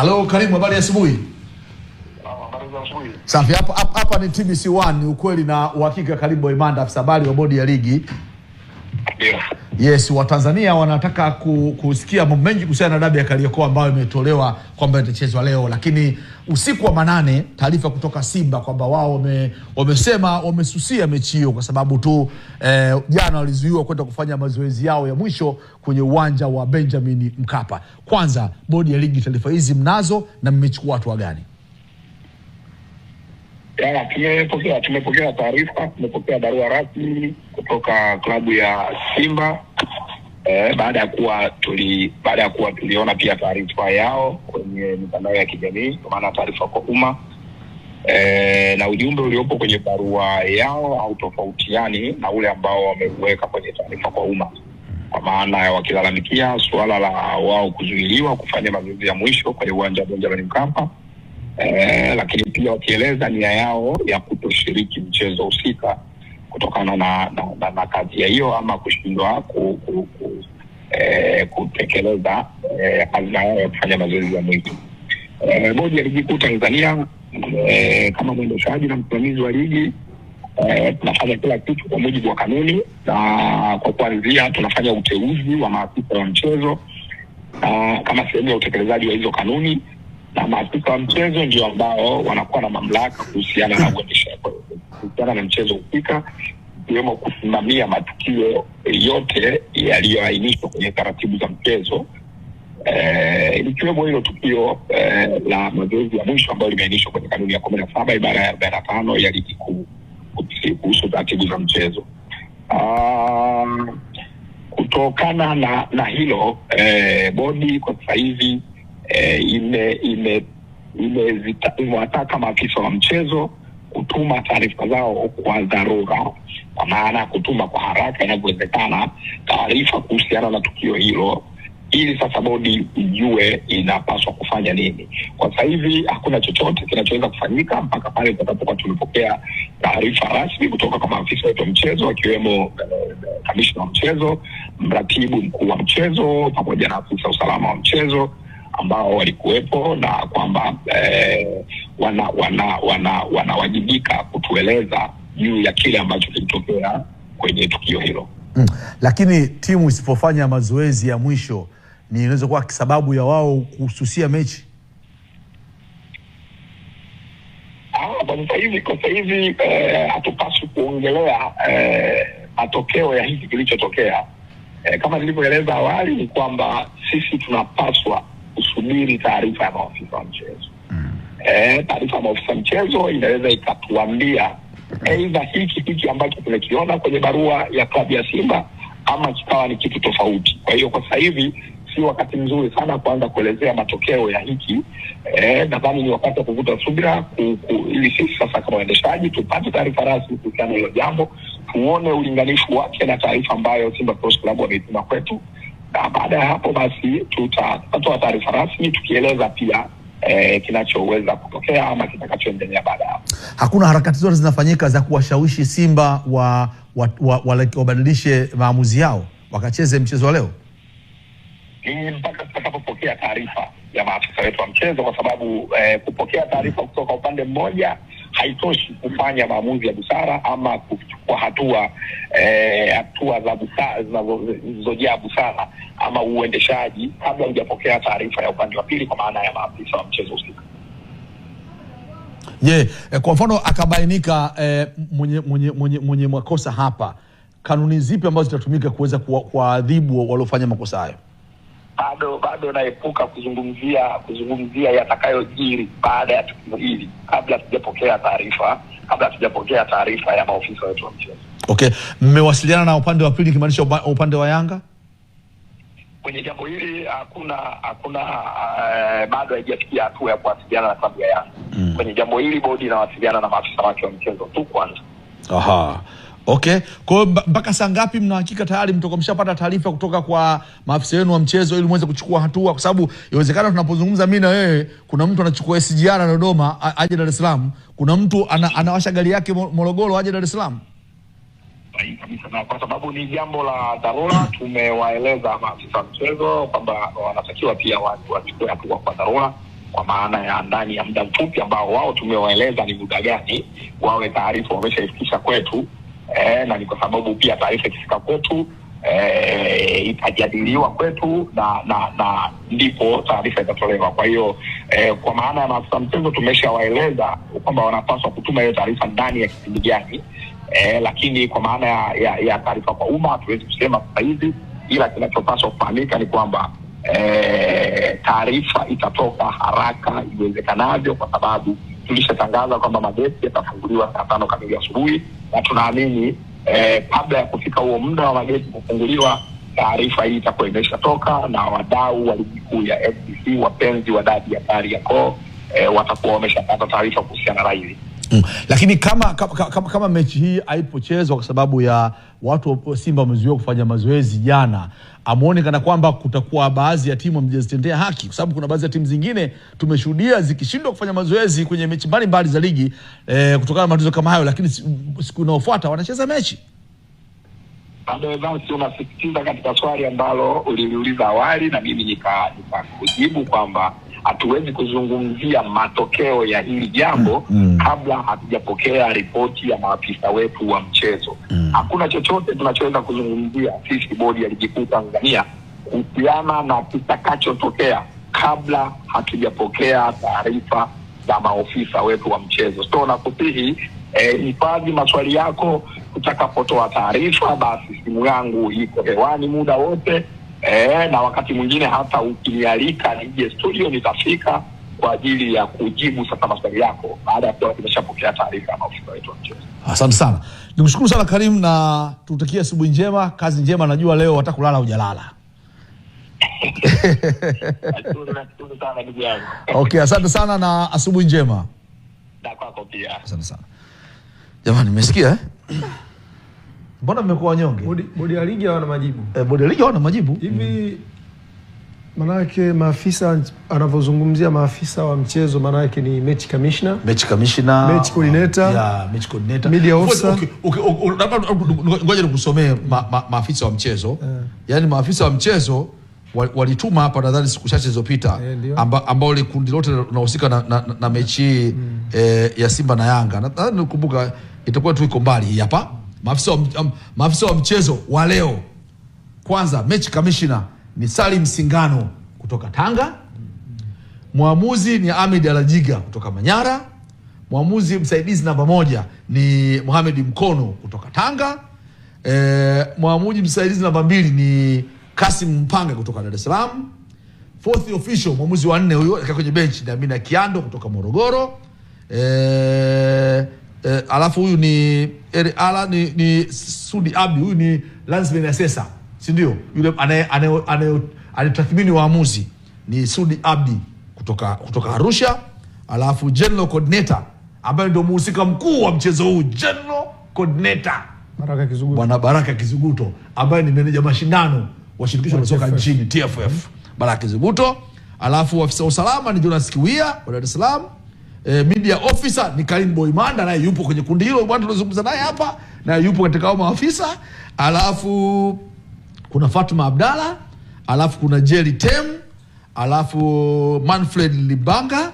Halo Karimu, habari ya ah, asubuhi. Safi, hapa hapa ni TBC1, ukweli na uhakika. Karibu Imanda, afisa habari wa bodi ya ligi. Yeah. Yes, Watanzania wanataka kusikia mambo mengi kuhusiana na dabi ya Kariakoo ambayo imetolewa kwamba itachezwa leo, lakini usiku wa manane, taarifa kutoka Simba kwamba wao wamesema wamesusia mechi hiyo kwa sababu tu eh, jana eh, walizuiwa kwenda kufanya mazoezi yao ya mwisho kwenye uwanja wa Benjamin Mkapa. Kwanza, bodi ya ligi, taarifa hizi mnazo na mmechukua hatua gani? Tumepokea taarifa, tumepokea barua rasmi kutoka klabu ya Simba eh, baada ya kuwa tuli baada ya kuwa tuliona pia taarifa yao kwenye mitandao ya kijamii, kwa maana taarifa kwa umma eh, na ujumbe uliopo kwenye barua yao au tofautiani na ule ambao wameuweka kwenye taarifa kwa umma, kwa maana ya wakilalamikia suala la wao kuzuiliwa kufanya mazoezi ya mwisho kwenye uwanja wa Benjamin Mkapa. Eh, lakini pia wakieleza nia yao ya kutoshiriki mchezo husika kutokana na, na, na, na kadhia hiyo ama kushindwa ku, ku, ku, eh, kutekeleza eh, azma yao ya kufanya mazoezi ya mwili. Eh, Bodi ya Ligi Kuu Tanzania eh, kama mwendeshaji na msimamizi wa ligi eh, tunafanya kila kitu kwa mujibu wa kanuni, na kwa kuanzia tunafanya uteuzi wa maafisa wa mchezo na eh, kama sehemu ya utekelezaji wa hizo kanuni, na maafisa wa mchezo ndio ambao wanakuwa na mamlaka kuhusiana na uendeshaji kukutana na mchezo husika ikiwemo kusimamia matukio yote yaliyoainishwa kwenye taratibu za mchezo eh, ikiwemo hilo tukio eh, la mazoezi ya mwisho ambayo limeainishwa kwenye kanuni ya kumi na saba ibara ya arobaini na tano ya ligi kuu kuhusu taratibu za mchezo. Ah, kutokana na na hilo eh, bodi kwa sasa hivi eh, imewataka ime, ime maafisa wa mchezo kutuma taarifa zao kwa dharura, kwa maana ya kutuma kwa haraka inavyowezekana taarifa kuhusiana na tukio hilo ili sasa bodi ijue inapaswa kufanya nini. Kwa sasa hivi hakuna chochote kinachoweza kufanyika mpaka pale tutakapokuwa tumepokea taarifa rasmi kutoka kwa maafisa wetu wa mchezo akiwemo eh, kamishna wa mchezo, mratibu mkuu wa mchezo pamoja na afisa usalama wa mchezo ambao walikuwepo na kwamba eh, wanawajibika wana, wana, wana kutueleza juu ya kile ambacho kilitokea kwenye tukio hilo mm. Lakini timu isipofanya mazoezi ya mwisho ni inaweza kuwa sababu ya wao kuhususia mechi ah, kwa sasa hivi. Kwa sasa hivi eh, hatupaswi kuongelea eh, matokeo ya hiki kilichotokea. Eh, kama nilivyoeleza awali ni kwamba sisi tunapaswa kusubiri taarifa ya maafisa wa mchezo mm. E, taarifa ya maafisa mchezo inaweza ikatuambia aidha hiki hiki ambacho tumekiona kwenye barua ya klabu ya Simba ama kikawa ni kitu tofauti. Kwa hiyo kwa sasa hivi si wakati mzuri sana kuanza kuelezea matokeo ya hiki eh, nadhani ni wakati wa kuvuta subira ili sisi sasa kama waendeshaji tupate taarifa rasmi kuhusiana hilo jambo, tuone ulinganifu wake na taarifa ambayo Simba Sports Club wameituma kwetu baada ya hapo basi tutatoa taarifa rasmi tukieleza pia e, kinachoweza kutokea ama kitakachoendelea baada ya hapo. Hakuna harakati zote zinafanyika za kuwashawishi Simba wa wabadilishe wa, wa, wa maamuzi yao wakacheze mchezo wa leo ni mpaka tutakapopokea taarifa ya maafisa wetu wa mchezo, kwa sababu e, kupokea taarifa kutoka upande mmoja haitoshi kufanya maamuzi ya busara ama kuchukua hatua eh, hatua za busara busara ama uendeshaji kabla hujapokea taarifa ya upande wa pili, kwa maana ya maafisa wa mchezo husika. Je, yeah, eh, kwa mfano akabainika eh, mwenye, mwenye, mwenye, mwenye makosa hapa, kanuni zipi ambazo zitatumika kuweza kuwaadhibu waliofanya makosa hayo? bado bado naepuka kuzungumzia kuzungumzia yatakayojiri baada ya tukio hili, kabla tujapokea taarifa kabla tujapokea taarifa ya maofisa wetu wa mchezo. Okay, mmewasiliana na upande wa pili, ikimaanisha upande wa Yanga kwenye jambo hili hakuna hakuna uh, bado haijafikia hatua ya kuwasiliana na klabu ya Yanga mm. Kwenye jambo hili bodi inawasiliana na maafisa wake wa mchezo tu kwanza. Aha. Okay, kwa mpaka saa ngapi mna tayari mtoka mshapata taarifa kutoka kwa maafisa wenu wa mchezo ili mweze kuchukua hatua? Kwa sababu inawezekana tunapozungumza mimi na wewe, kuna mtu anachukua SGR Dodoma aje Dar es Salaam, kuna mtu ana, anawasha gari yake Morogoro aje Dar es Salaam. Na kwa sababu ni jambo la dharura, tumewaeleza maafisa wa mchezo kwamba wanatakiwa pia wachukue hatua kwa dharura kwa maana ya ndani ya muda mfupi ambao wao tumewaeleza ni muda gani, wawe taarifa wameshaifikisha kwetu eh, na ni kwa sababu pia taarifa ikifika kwetu eh, itajadiliwa kwetu na na na ndipo taarifa itatolewa. Kwa hiyo eh, kwa maana ya maafisa mchezo tumeshawaeleza kwamba wanapaswa kutuma hiyo taarifa ndani ya kipindi gani eh, lakini kwa maana ya, ya, ya taarifa kwa umma hatuwezi kusema sasa hivi, ila kinachopaswa kufahamika ni kwamba eh, taarifa itatoka haraka iwezekanavyo kwa sababu tulishatangaza kwamba mabenki yatafunguliwa saa tano kamili asubuhi, na tunaamini eh, kabla ya kufika huo muda wa mabenki kufunguliwa taarifa hii itakuwa imeshatoka na wadau wa ligi kuu ya FBC, wapenzi wa dadi ya koo eh, watakuwa wameshapata taarifa kuhusiana na hili. Mm. Lakini kama, kama, kama, kama mechi hii haipochezwa kwa sababu ya watu wa Simba wamezuiwa kufanya mazoezi jana, amuone kana kwamba kutakuwa baadhi ya timu amjazitendea haki, kwa sababu kuna baadhi ya timu zingine tumeshuhudia zikishindwa kufanya mazoezi kwenye mechi mbalimbali za ligi e, kutokana na matatizo kama hayo, lakini siku inayofuata wanacheza mechi. Advance, unasisitiza katika swali ambalo uliliuliza awali na mimi nikakujibu kwamba hatuwezi kuzungumzia matokeo ya hili jambo mm, mm. kabla hatujapokea ripoti ya maafisa wetu wa mchezo mm. hakuna chochote tunachoweza kuzungumzia sisi bodi ya ligi kuu Tanzania kuhusiana na kitakachotokea kabla hatujapokea taarifa za maofisa wetu wa mchezo. So nakusihi e, hifadhi e, maswali yako. Utakapotoa taarifa, basi simu yangu iko hewani muda wote e, na wakati mwingine hata ukinialika nije studio nitafika kwa ajili ya kujibu sasa maswali yako baada ya kuwa tumeshapokea taarifa na maafisa wetu wa mchezo. Asante sana, nikushukuru sana Karim na tutakie asubuhi njema, kazi njema. Najua leo kulala hujalala. Okay, asante sana na asubuhi njema. Na kwako pia. Asante sana jamani, mmesikia eh? Mbona mmekuwa wanyonge? Bodi ya ligi hawana majibu. E, bodi ya ligi hawana majibu hivi Manake maafisa anavyozungumzia maafisa wa mchezo, manake ni mechi commissioner, mechi commissioner, mechi coordinator, yeah, mechi coordinator, media officer. okay, okay, okay, okay, Ngoja nikusomee ma, ma, maafisa wa mchezo, yeah. yaani maafisa wa mchezo walituma hapa nadhani siku chache zilizopita, eh, ambao amba ile kundi lote linahusika na na, na, mechi mm. Eh, ya Simba na Yanga, nadhani nikumbuka, itakuwa tu iko mbali hapa mm maafisa wa um, mchezo wa leo. Kwanza mechi kamishna ni Salim Singano kutoka Tanga, mwamuzi ni Ahmed Alajiga kutoka Manyara, mwamuzi msaidizi namba moja ni Mohamed Mkono kutoka Tanga, e, mwamuzi msaidizi namba mbili ni Kasim Mpanga kutoka Dar es Salaam, fourth official mwamuzi wa nne huyo kwenye benchi ni Amina Kiando kutoka Morogoro. E, eh, alafu huyu ni er, ala ni, ni Sudi Abi, huyu ni Lance Benasesa, si ndio? Yule anayetathmini waamuzi ni Sudi Abdi kutoka kutoka Arusha, alafu general coordinator ambaye ndio muhusika mkuu wa mchezo huu general coordinator Baraka Kizuguto, bwana Baraka Kizuguto ambaye ni meneja mashindano wa shirikisho la soka nchini TFF, Baraka Kizuguto. Alafu afisa usalama ni Jonas Kiwia wa Dar es Salaam e, media officer ni Karim Boimanda, naye yupo kwenye kundi hilo bwana, tunazungumza naye hapa, naye yupo katika hao maafisa. Alafu kuna Fatuma Abdalla, alafu kuna Jerry Tem, alafu Manfred Libanga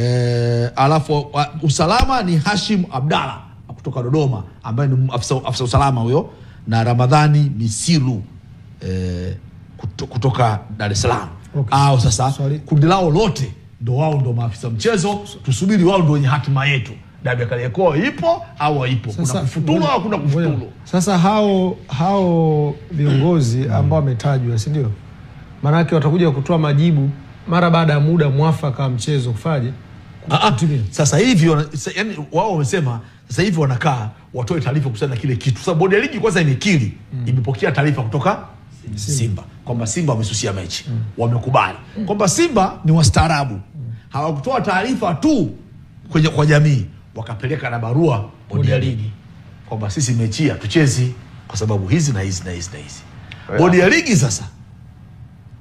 e, alafu uh, usalama ni Hashim Abdalla kutoka Dodoma, ambaye ni afisa, afisa usalama huyo, na Ramadhani Misilu e, eh, kutoka Dar es Salaam. Okay. Ah, sasa kundi lao lote ndo wao ndo maafisa mchezo, tusubiri wao ndo wenye hatima yetu. Dabi ya Kariakoo ipo au haipo? Kuna kufutulwa au kuna kufutulwa? Sasa hao hao viongozi mm. ambao wametajwa, si ndio? Maanake watakuja kutoa majibu mara baada ya muda mwafaka wa mchezo kufaje ah, ah. Sasa hivi yani, wao wamesema sasa hivi wanakaa watoe taarifa kuhusiana na kile kitu. sababu bodi ya ligi kwanza imekiri mm. imepokea taarifa kutoka Simba, Simba kwamba Simba wamesusia mechi mm. wamekubali mm. kwamba Simba ni wastaarabu hawakutoa taarifa tu kwenye kwa jamii, wakapeleka na barua bodi ya ligi kwamba sisi mechi hatuchezi kwa sababu hizi na hizi na hizi na hizi. Bodi ya ligi sasa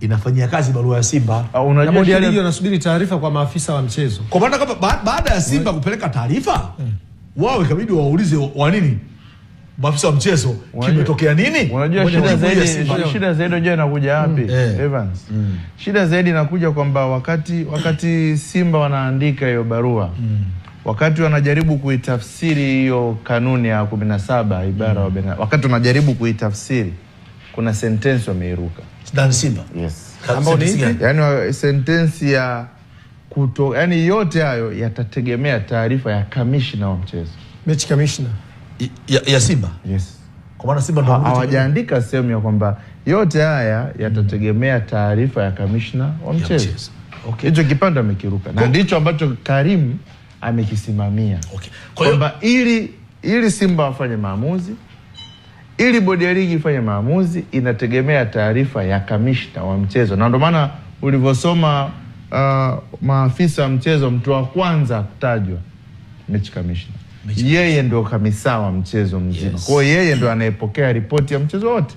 inafanyia kazi barua ya Simba. Ah, unajua bodi ya ligi wanasubiri taarifa kwa maafisa wa mchezo, kwa maana kama baada ya Simba kupeleka taarifa, hmm. wao ikabidi waulize wa nini maafisa wa mchezo kimetokea nini? Unajua shida zaidi, shida zaidi unajua inakuja mm. wapi eh. Evans? Mm. Shida zaidi inakuja kwamba wakati wakati Simba wanaandika hiyo barua mm. wakati wanajaribu kuitafsiri hiyo kanuni ya 17 ibara mm. wakati wanajaribu kuitafsiri kuna sentensi wameiruka ndani Simba yes. yani yaani, sentensi ya kuto, yani yote hayo yatategemea taarifa ya kamishna wa mchezo, mechi kamishna ya, ya Simba yes. Kwa maana Simba ndio hawajaandika sehemu ya kwamba yote haya yatategemea mm. taarifa ya kamishna wa mchezo hicho. Kipande amekiruka na ndicho ambacho Karim amekisimamia okay. kwamba ili ili Simba wafanye maamuzi ili bodi ya ligi ifanye maamuzi inategemea taarifa ya kamishna wa mchezo, na ndio maana ulivyosoma uh, maafisa wa mchezo, mtu wa kwanza kutajwa mechi kamishna yeye ndio kamisa wa mchezo mzima. Yes. Kwa hiyo yeye ndio anayepokea ripoti ya mchezo wote.